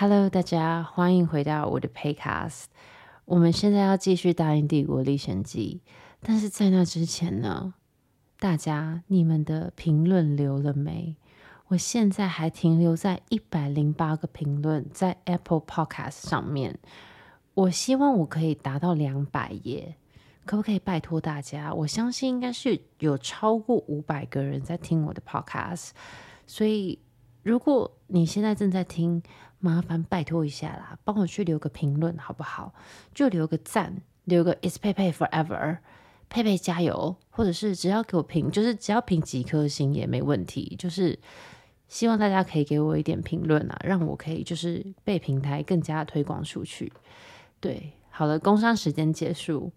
Hello，大家，歡迎回到我的 Podcast，我們現在要繼續《大英帝國歷險記》，但是在那之前呢，大家，你們的評論留了沒？我現在還停留在一百零八個評論在 Apple Podcast 上面。我希望我可以達到兩百頁，可不可以拜托大家？我相信應該是有超過五百個人在聽我的 Podcast，所以如果你現在正在聽。麻煩拜托一下啦，幫我去留個評論好不好？就留個讚，留個 “It's Pepe forever”，佩佩加油，或者是只要給我評，就是只要評幾顆星也沒問題。就是希望大家可以給我一點評論啊，讓我可以就是被平台更加推廣出去。對，好了，工商時間結束，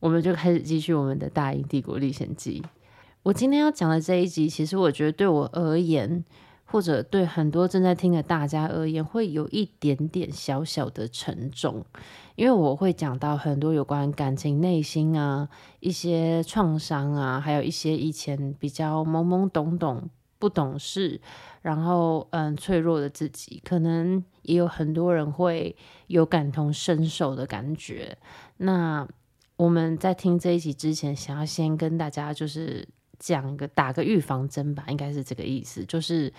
我們就開始繼續我們的《大英帝國歷險記》。我今天要講的這一集，其實我覺得對我而言，或者對很多正在聽的大家而言，會有一點點小小的沉重，因為我會講到很多有關感情、內心啊、一些創傷啊，還有一些以前比較懵懵懂懂、不懂事，然後嗯，脆弱的自己，可能也有很多人會有感同身受的感覺。那我們在聽這一集之前，想要先跟大家就是講一個打個預防針吧，應該是這個意思，就是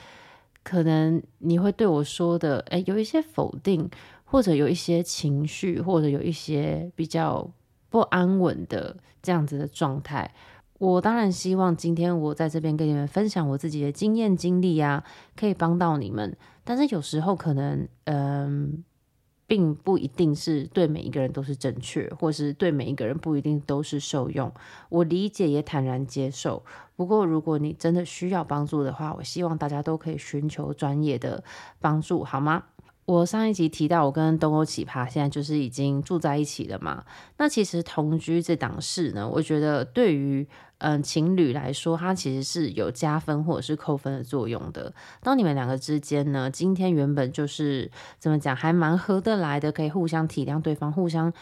可能你會對我說的，哎，有一些否定，或者有一些情緒，或者有一些比較不安穩的這樣子的狀態。我當然希望今天我在這邊跟你們分享我自己的經驗經歷啊，可以幫到你們。但是有時候可能，嗯、呃。並不一定是對每一個人都是正確，或是對每一個人不一定都是受用。我理解，也坦然接受。不過，如果你真的需要幫助的話，我希望大家都可以尋求專業的幫助，好嗎？我上一集提到，我跟東歐奇葩現在就是已經住在一起了嘛。那其實同居這檔事呢，我覺得對於嗯情侶來說，它其實是有加分或者是扣分的作用的。當你們兩個之間呢，今天原本就是怎麼講，還蠻合得來的，可以互相體諒對方、互相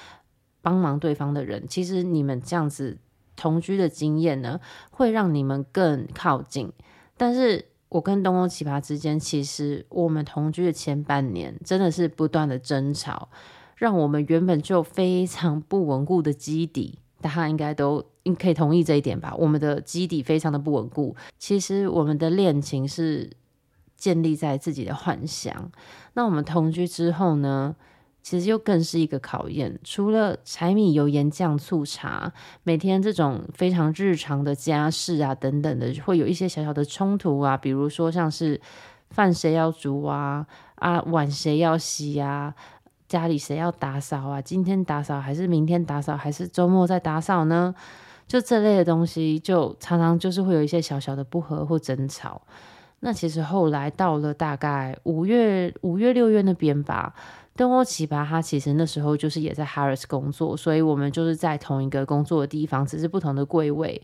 幫忙對方的人，其實你們這樣子同居的經驗呢，會讓你們更靠近。但是。我跟東宮奇葩之間，其實我們同居的前半年真的是不斷的爭吵，讓我們原本就非常不穩固的基底，大家應該都可以同意這一點吧？我們的基底非常的不穩固。其實我們的戀情是建立在自己的幻想。那我們同居之後呢？其實又更是一個考驗，除了柴米油鹽醬醋茶，每天這種非常日常的家事啊等等的，會有一些小小的衝突啊，比如說像是飯誰要煮啊，啊碗誰要洗啊，家裡誰要打掃啊，今天打掃還是明天打掃還是周末再打掃呢？就這類的東西，就常常就是會有一些小小的不和或爭吵。那其實後來到了大概五月、五月、六月那邊吧。東歐奇巴他其實那時候就是也在哈爾斯工作，所以我們就是在同一個工作的地方，只是不同的櫃位。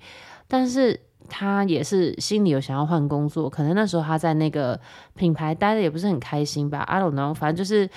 但是他也是心裡有想要換工作，可能那時候他在那個品牌待的也不是很開心吧。I don't know，反正就是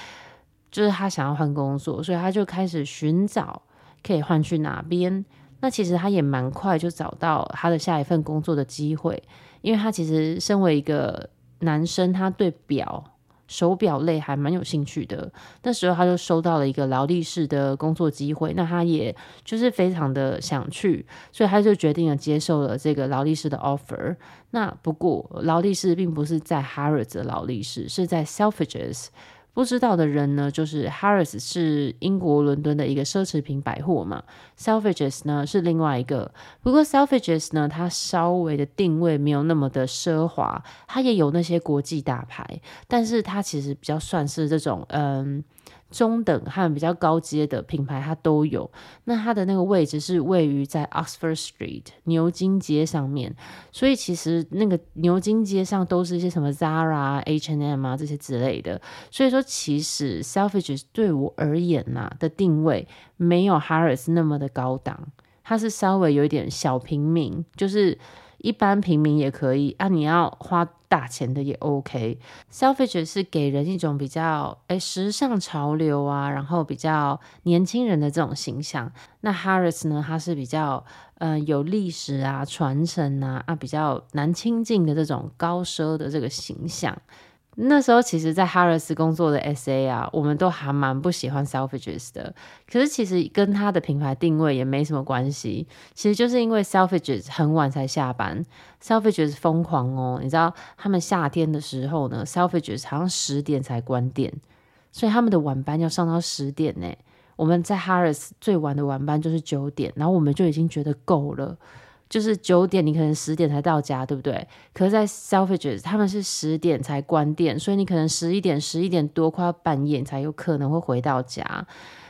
就是他想要換工作，所以他就開始尋找可以換去哪邊。那其實他也蠻快就找到他的下一份工作的機會，因為他其實身為一個男生，他對表，手錶類還蠻有興趣的，那時候他就收到了一個勞力士的工作機會，那他也就是非常的想去，所以他就決定了接受了這個勞力士的 offer。那不過勞力士並不是在 Harrods 勞力士，是在 Selfridges。不知道的人呢，就是 Harrods 是英國倫敦的一個奢侈品百貨嘛，Selfridges 呢是另外一個。不過 Selfridges 呢，它稍微的定位沒有那麼的奢華，它也有那些國際大牌，但是它其實比較算是這種，嗯。中等和比較高階的品牌它都有，那它的那個位置是位於在 Oxford Street 牛津街上面，所以其實那個牛津街上都是一些什麼 Zara、H and M 啊，這些之類的，所以說其實 Selfridges 對我而言吶、啊、的定位沒有 Harris 那麼的高檔，它是稍微有一點小平民，就是。一般平民也可以啊，你要花大錢的也 OK。Selfridges 是給人一種比較哎，時尚潮流啊，然後比較年輕人的這種形象。那 Harrods 呢，它是比較嗯、呃、有歷史啊、傳承啊啊，比較難親近的這種高奢的這個形象。那時候其實，在 Harris 工作的 SA 啊，我們都還蠻不喜歡 Selfridges 的。可是其實跟它的品牌定位也沒什麼關係，其實就是因為 Selfridges 很晚才下班。Selfridges 瘋狂哦。你知道他們夏天的時候呢，Selfridges 好像十點才關店，所以他們的晚班要上到十點呢。我們在 Harris 最晚的晚班就是九點，然後我們就已經覺得夠了。就是九點，你可能十點才到家，對不對？可是，在 Selfridges 他們是十點才關店，所以你可能十一點、十一點多，快要半夜才有可能會回到家。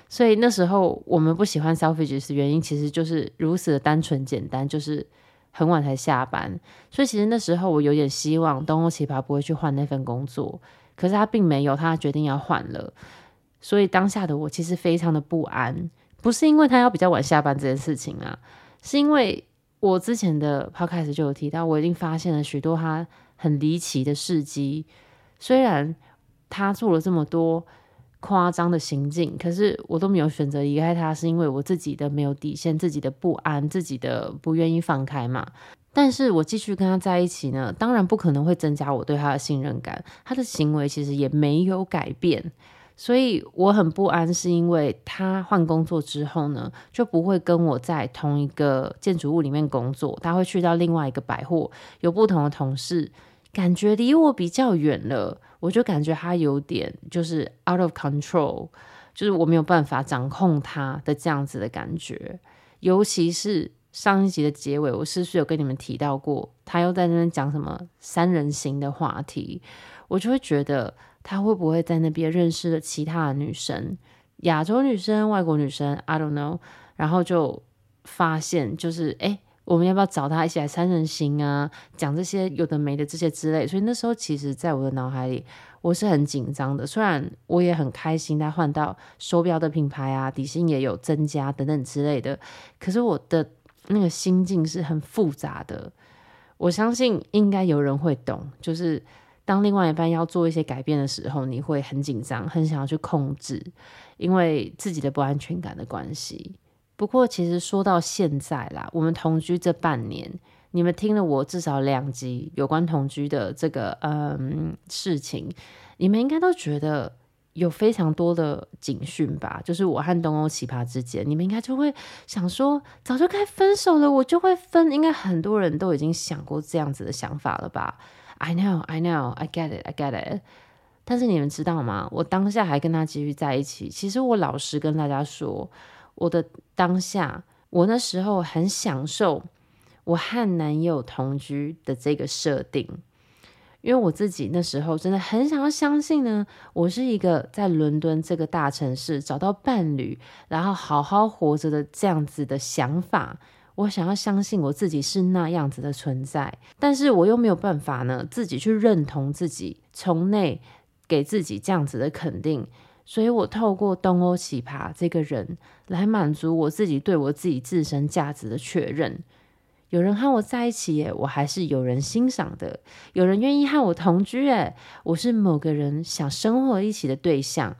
所以那時候我們不喜歡 Selfridges 的原因，其實就是如此的單純簡單，就是很晚才下班。所以其實那時候我有點希望東歐奇葩不會去換那份工作，可是他並沒有，他決定要換了。所以當下的我其實非常的不安，不是因為他要比較晚下班這件事情啊，是因為。我之前的 podcast 就有提到，我已經發現了許多他很離奇的事跡。雖然他做了這麼多誇張的行徑，可是我都沒有選擇離開他，是因為我自己的沒有底線、自己的不安、自己的不願意放開嘛。但是我繼續跟他在一起呢，當然不可能會增加我對他的信任感。他的行為其實也沒有改變。所以我很不安，是因為他換工作之後呢，就不會跟我在同一個建築物裡面工作，他會去到另外一個百貨，有不同的同事，感覺離我比較遠了，我就感覺他有點就是 out of control，就是我沒有辦法掌控他的這樣子的感覺。尤其是上一集的結尾，我是不是有跟你們提到過，他又在那邊講什麼三人行的話題，我就會覺得。他會不會在那邊認識了其他的女生，亞洲女生、外國女生？I don't know。然後就發現，就是哎，我們要不要找他一起來三人行啊？講這些有的沒的這些之類。所以那時候，其實，在我的腦海裡，我是很緊張的。雖然我也很開心，他換到手表的品牌啊，底薪也有增加等等之類的。可是我的那個心境是很複雜的。我相信應該有人會懂，就是。當另外一半要做一些改變的時候，你會很緊張，很想要去控制，因為自己的不安全感的關係。不過，其實說到現在啦，我們同居這半年，你們聽了我至少兩集有關同居的這個嗯事情，你們應該都覺得有非常多的警訊吧？就是我和東歐奇葩之間，你們應該就會想說，早就該分手了，我就會分。應該很多人都已經想過這樣子的想法了吧？I know, I know, I get it, I get it. 但是你們知道嗎？我當下還跟他繼續在一起。其實我老實跟大家說，我的當下，我那時候很享受我和男友同居的這個設定，因為我自己那時候真的很想要相信呢，我是一個在倫敦這個大城市找到伴侶，然後好好活着的這樣子的想法。我想要相信我自己是那樣子的存在，但是我又沒有辦法呢，自己去認同自己，從內給自己這樣子的肯定。所以，我透過東歐奇葩這個人來滿足我自己對我自己自身價值的確認。有人和我在一起耶，我還是有人欣賞的，有人願意和我同居耶，我是某個人想生活一起的對象。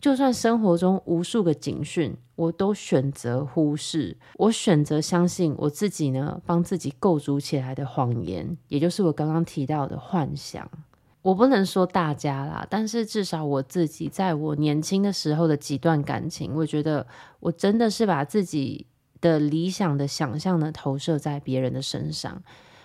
就算生活中無數個警訊，我都選擇忽視，我選擇相信我自己呢，幫自己構築起來的謊言，也就是我剛剛提到的幻想。我不能說大家啦，但是至少我自己，在我年輕的時候的幾段感情，我覺得我真的是把自己的理想的想象呢，投射在別人的身上。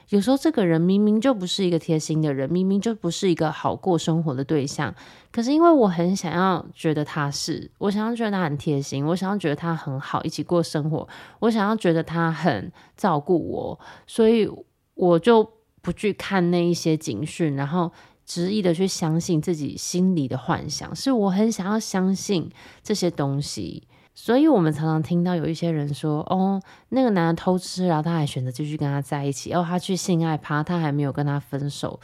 有時候這個人明明就不是一個貼心的人，明明就不是一個好過生活的對象，可是因為我很想要覺得他是，我想要覺得他很貼心，我想要覺得他很好一起過生活，我想要覺得他很照顧我，所以我就不去看那一些警訊，然後執意的去相信自己心裡的幻想，是我很想要相信這些東西。所以，我們常常聽到有一些人說：“哦，那個男的偷吃，然後他還選擇繼續跟他在一起；要、哦、他去性愛趴，他還沒有跟他分手。”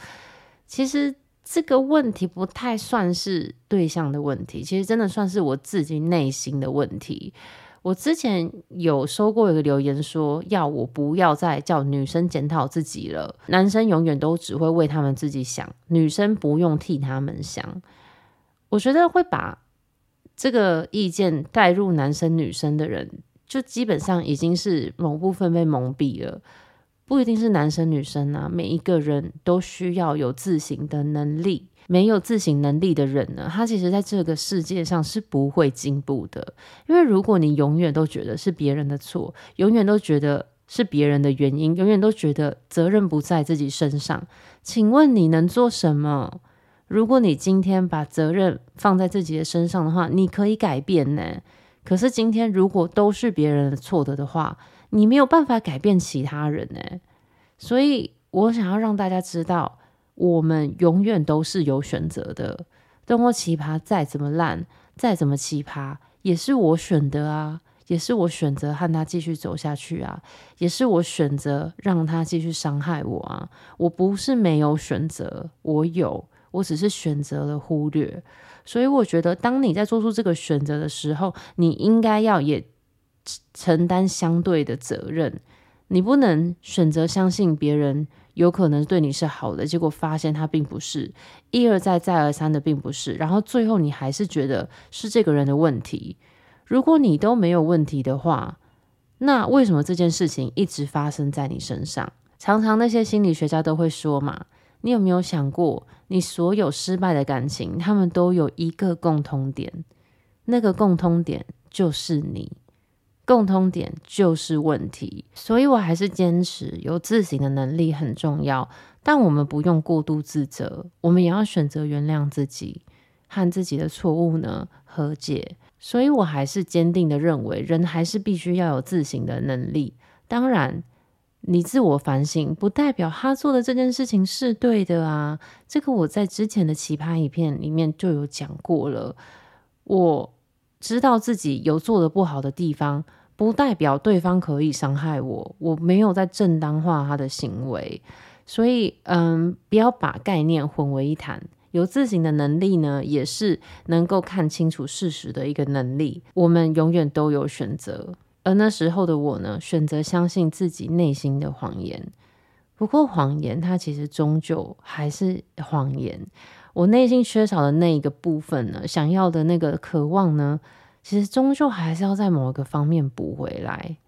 其實這個問題不太算是對象的問題，其實真的算是我自己內心的問題。我之前有收過一個留言說，說要我不要再叫女生檢討自己了，男生永遠都只會為他們自己想，女生不用替他們想。我覺得會把。這個意見帶入男生女生的人，就基本上已經是某部分被蒙蔽了。不一定是男生女生啊，每一個人都需要有自省的能力。沒有自省能力的人呢，他其實在這個世界上是不會進步的。因為如果你永遠都覺得是別人的錯，永遠都覺得是別人的原因，永遠都覺得責任不在自己身上，請問你能做什麼？如果你今天把責任放在自己的身上的話，你可以改變呢。可是今天如果都是別人的錯的的話，你沒有辦法改變其他人呢。所以，我想要讓大家知道，我們永遠都是有選擇的。任何奇葩再怎麼爛，再怎麼奇葩，也是我選的啊，也是我選擇和他繼續走下去啊，也是我選擇讓他繼續傷害我啊。我不是沒有選擇，我有。我只是選擇了忽略，所以我覺得，當你在做出這個選擇的時候，你應該要也承擔相對的責任。你不能選擇相信別人有可能對你是好的，結果發現他並不是一而再、再而三的並不是，然後最後你還是覺得是這個人的問題。如果你都沒有問題的話，那為什麼這件事情一直發生在你身上？常常那些心理學家都會說嘛。你有沒有想過，你所有失敗的感情，他們都有一個共通點，那個共通點就是你，共通點就是問題。所以我還是堅持，有自省的能力很重要，但我們不用過度自責，我們也要選擇原諒自己和自己的錯誤呢，和解。所以我還是堅定地認為，人還是必須要有自省的能力。當然。你自我反省，不代表他做的這件事情是對的啊！這個我在之前的奇葩影片裡面就有講過了。我知道自己有做的不好的地方，不代表對方可以傷害我。我沒有在正當化他的行為，所以嗯，不要把概念混為一談。有自省的能力呢，也是能夠看清楚事實的一個能力。我們永遠都有選擇。而那時候的我呢，選擇相信自己內心的謊言。不過謊言，它其實終究還是謊言。我內心缺少的那一個部分呢，想要的那個渴望呢，其實終究還是要在某一個方面補回來。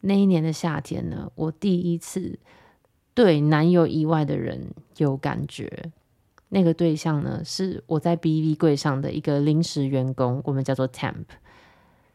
那一年的夏天呢，我第一次對男友以外的人有感覺。那個對象呢，是我在 B B 櫃上的一個臨時員工，我們叫做 Temp。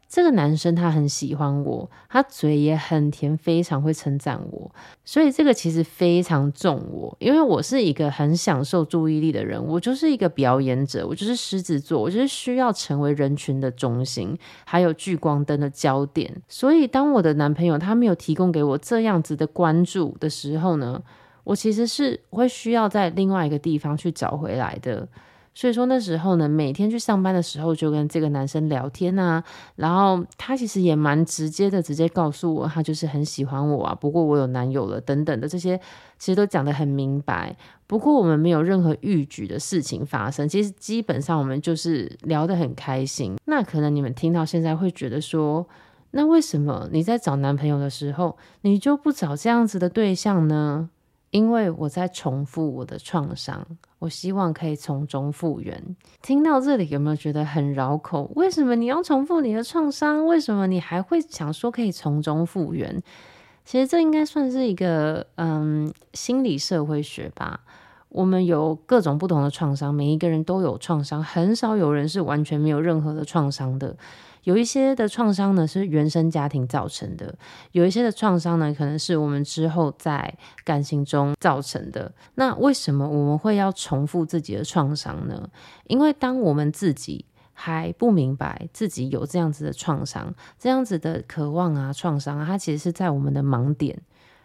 這個男生，他很喜歡我，他嘴也很甜，非常會稱讚我，所以這個其實非常重我，因為我是一個很享受注意力的人，我就是一個表演者，我就是獅子座，我就是需要成為人群的中心，還有聚光燈的焦點。所以當我的男朋友他沒有提供給我這樣子的關注的時候呢，我其實是會需要在另外一個地方去找回來的。所以說那時候呢，每天去上班的時候就跟這個男生聊天吶、啊，然後他其實也蠻直接的，直接告訴我他就是很喜歡我啊，不過我有男友了等等的這些，其實都講得很明白。不過我們沒有任何逾矩的事情發生，其實基本上我們就是聊得很開心。那可能你們聽到現在會覺得說，那為什麼你在找男朋友的時候，你就不找這樣子的對象呢？因為我在重複我的創傷，我希望可以從中復原。聽到這裡有沒有覺得很繞口？為什麼你要重複你的創傷？為什麼你還會想說可以從中復原？其實這應該算是一個嗯心理社會學吧。我們有各種不同的創傷，每一個人都有創傷，很少有人是完全沒有任何的創傷的。有一些的創傷呢是原生家庭造成的，有一些的創傷呢可能是我們之後在感情中造成的。那為什麼我們會要重複自己的創傷呢？因為當我們自己還不明白自己有這樣子的創傷、這樣子的渴望啊，創傷啊，它其實是在我們的盲點，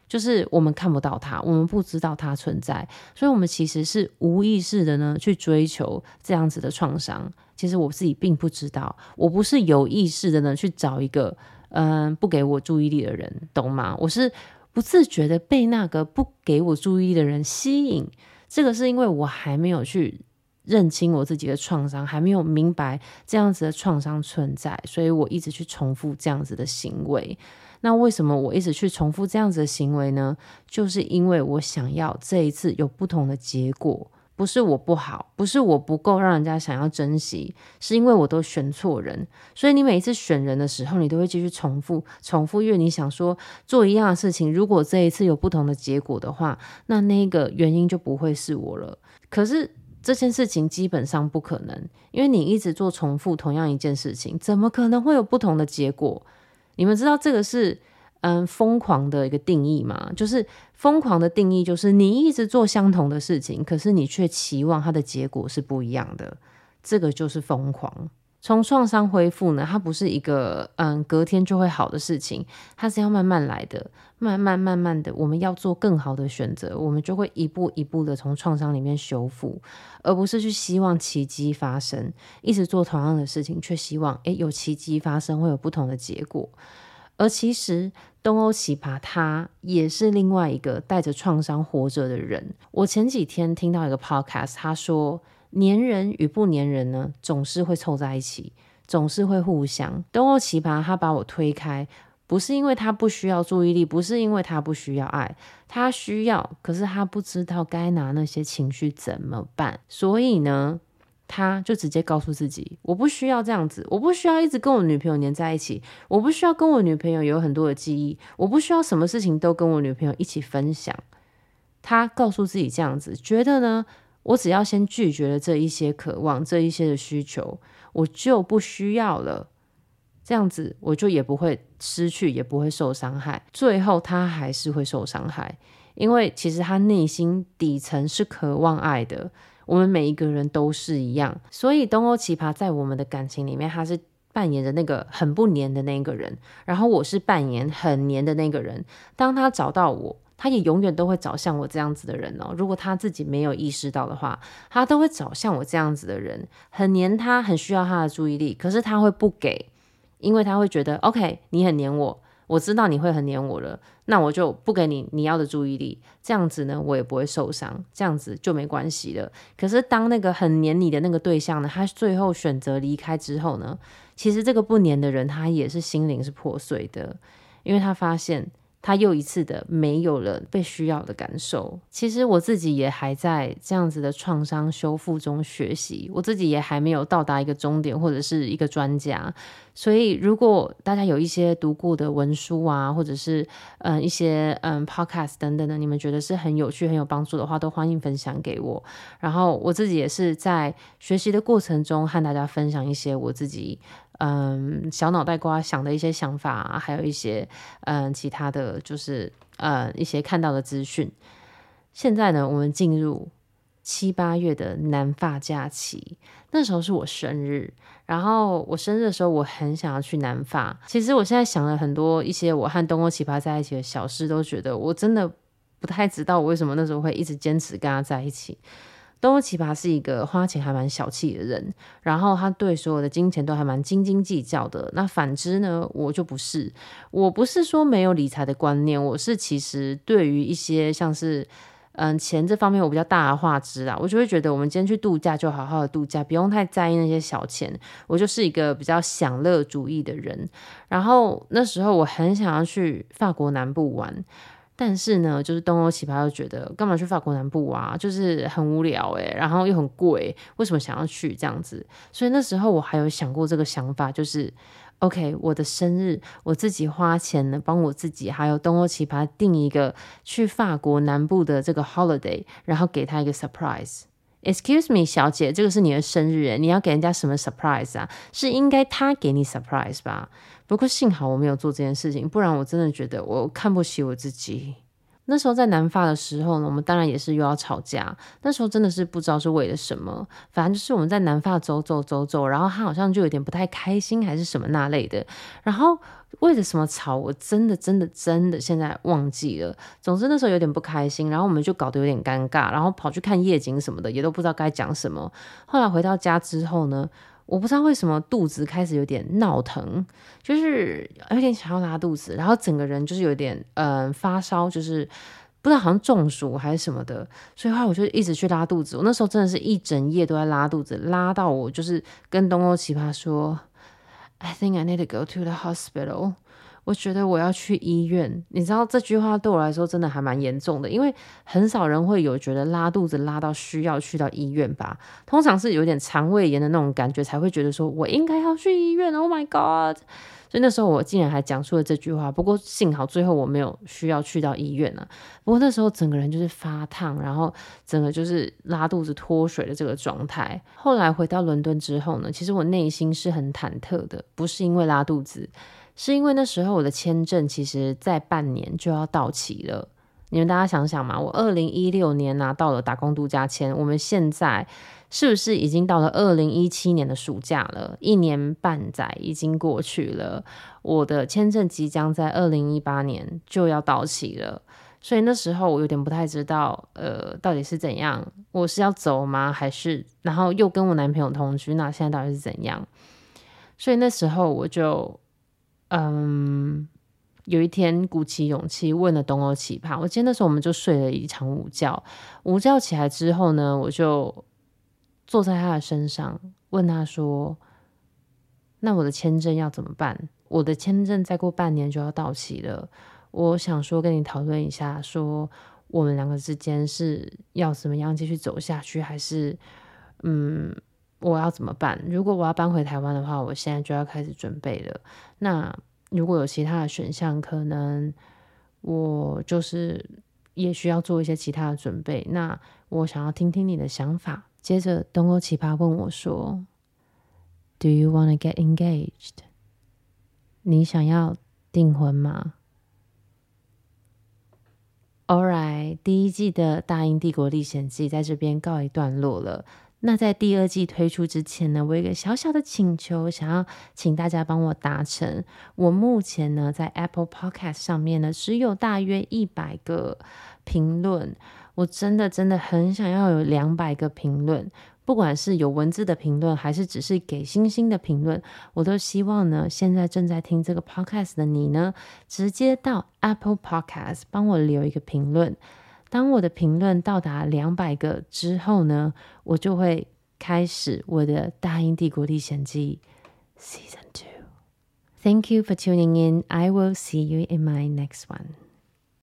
就是我們看不到它，我們不知道它存在，所以我們其實是無意識的呢去追求這樣子的創傷。其實我自己並不知道，我不是有意識的呢去找一個，嗯，不給我注意力的人，懂嗎？我是不自覺的被那個不給我注意的人吸引。這個是因為我還沒有去認清我自己的創傷，還沒有明白這樣子的創傷存在，所以我一直去重複這樣子的行為。那為什麼我一直去重複這樣子的行為呢？就是因為我想要這一次有不同的結果。不是我不好，不是我不夠讓人家想要珍惜，是因為我都選錯人。所以你每一次選人的時候，你都會繼續重複、重複，因為你想說做一樣的事情，如果這一次有不同的結果的話，那那個原因就不會是我了。可是這件事情基本上不可能，因為你一直做重複同樣一件事情，怎麼可能會有不同的結果？你們知道這個是嗯瘋狂的一個定義嗎？就是。瘋狂的定義就是你一直做相同的事情，可是你卻期望它的結果是不一樣的，這個就是瘋狂。從創傷恢復呢，它不是一個嗯隔天就會好的事情，它是要慢慢來的，慢慢慢慢的，我們要做更好的選擇，我們就會一步一步的從創傷裡面修復，而不是去希望奇蹟發生，一直做同樣的事情，卻希望誒有奇蹟發生，會有不同的結果。而其實，東歐奇葩他也是另外一個帶着創傷活着的人。我前幾天聽到一個 podcast，他說，粘人與不粘人呢，總是會湊在一起，總是會互相。東歐奇葩他把我推開，不是因為他不需要注意力，不是因為他不需要愛，他需要，可是他不知道該拿那些情緒怎麼辦。所以呢。他就直接告訴自己，我不需要這樣子，我不需要一直跟我女朋友粘在一起，我不需要跟我女朋友有很多的記憶，我不需要什麼事情都跟我女朋友一起分享。他告訴自己這樣子，覺得呢，我只要先拒絕了這一些渴望，這一些的需求，我就不需要了，這樣子我就也不會失去，也不會受傷害。最後他還是會受傷害，因為其實他內心底層是渴望愛的。我們每一個人都是一樣，所以東歐奇葩在我們的感情裡面，他是扮演着那個很不黏的那個人，然後我是扮演很黏的那個人。當他找到我，他也永遠都會找像我這樣子的人哦。如果他自己沒有意識到的話，他都會找像我這樣子的人，很黏他，很需要他的注意力。可是他會不給，因為他會覺得，OK，你很黏我。我知道你會很黏我了，那我就不給你你要的注意力，這樣子呢，我也不會受傷，這樣子就沒關係了。可是當那個很黏你的那個對象呢，他最後選擇離開之後呢，其實這個不黏的人他也是心靈是破碎的，因為他發現。他又一次的沒有了被需要的感受。其實我自己也還在這樣子的創傷修復中學習，我自己也還沒有到達一個終點或者是一個專家。所以，如果大家有一些讀過的文書啊，或者是嗯一些嗯 podcast 等等的，你們覺得是很有趣、很有幫助的話，都歡迎分享給我。然後我自己也是在學習的過程中和大家分享一些我自己。嗯，小腦袋瓜想的一些想法啊，還有一些嗯，其他的就是嗯，一些看到的資訊。現在呢，我們進入七八月的南法假期，那時候是我生日，然後我生日的時候，我很想要去南法。其實我現在想了很多一些我和東歐奇葩在一起的小事，都覺得我真的不太知道我為什麼那時候會一直堅持跟他在一起。多奇葩是一個花錢還蠻小氣的人，然後他對所有的金錢都還蠻斤斤計較的。那反之呢，我就不是，我不是說沒有理財的觀念，我是其實對於一些像是嗯錢這方面，我比較大而化之啦，我就會覺得我們今天去度假就好好的度假，不用太在意那些小錢。我就是一個比較享樂主義的人。然後那時候我很想要去法國南部玩。但是呢，就是東歐奇葩又覺得幹嘛去法國南部啊？就是很無聊誒、欸，然後又很貴，為什麼想要去這樣子？所以那時候我還有想過這個想法，就是，OK，我的生日我自己花錢呢，幫我自己還有東歐奇葩訂一個去法國南部的這個 holiday，然後給他一個 surprise。Excuse me，小姐，這個是你的生日耶，你要給人家什麼 surprise 啊？是應該他給你 surprise 吧？不過幸好我沒有做這件事情，不然我真的覺得我看不起我自己。那時候在南法的時候呢，我們當然也是又要吵架。那時候真的是不知道是為了什麼，反正就是我們在南法走走走走，然後他好像就有點不太開心還是什麼那類的，然後。為了什麼吵？我真的真的真的，現在忘記了。總之那時候有點不開心，然後我們就搞得有點尷尬，然後跑去看夜景什麼的，也都不知道該講什麼。後來回到家之後呢，我不知道為什麼肚子開始有點鬧疼，就是有點想要拉肚子，然後整個人就是有點嗯、呃、發燒，就是不知道好像中暑還是什麼的，所以後來我就一直去拉肚子。我那時候真的是一整夜都在拉肚子，拉到我就是跟東歐奇葩說。I think I need to go to the hospital. 我覺得我要去醫院。你知道這句話對我來說真的還蠻嚴重的，因為很少人會有覺得拉肚子拉到需要去到醫院吧。通常是有點腸胃炎的那種感覺，才會覺得說我應該要去醫院。Oh my god！所以那時候我竟然還講出了這句話，不過幸好最後我沒有需要去到醫院啊，不過那時候整個人就是發燙，然後整個就是拉肚子脫水的這個狀態。後來回到倫敦之後呢，其實我內心是很忐忑的，不是因為拉肚子，是因為那時候我的簽證其實在半年就要到期了。你們大家想想嘛，我二零一六年拿、啊、到了打工度假簽，我們現在。是不是已經到了二零一七年的暑假了？一年半載已經過去了，我的簽證即將在二零一八年就要到期了，所以那時候我有點不太知道，呃，到底是怎樣？我是要走嗎？還是然後又跟我男朋友同居？那現在到底是怎樣？所以那時候我就，嗯，有一天鼓起勇氣問了東歐奇葩。我記得那時候我們就睡了一場午覺，午覺起來之後呢，我就。坐在他的身上，問他說：“那我的簽證要怎麼辦？我的簽證再過半年就要到期了，我想說跟你討論一下說，說我們兩個之間是要怎麼樣繼續走下去，還是嗯，我要怎麼辦？如果我要搬回台灣的話，我現在就要開始準備了。那如果有其他的選項，可能我就是也需要做一些其他的準備。那我想要聽聽你的想法。”接着，東歐奇葩問我說：“Do you wanna get engaged？你想要訂婚嗎？”Alright，第一季的《大英帝國歷險記》在這邊告一段落了。那在第二季推出之前呢，我有一個小小的請求，想要請大家幫我達成。我目前呢，在 Apple Podcast 上面呢，只有大約一百個評論。我真的真的很想要有兩百個評論，不管是有文字的評論，還是只是給星星的評論，我都希望呢。現在正在聽這個 podcast 的你呢，直接到 Apple Podcast 幫我留一個評論。當我的評論到達兩百個之後呢，我就會開始我的《大英帝國歷險記》Season Two。Thank you for tuning in. I will see you in my next one.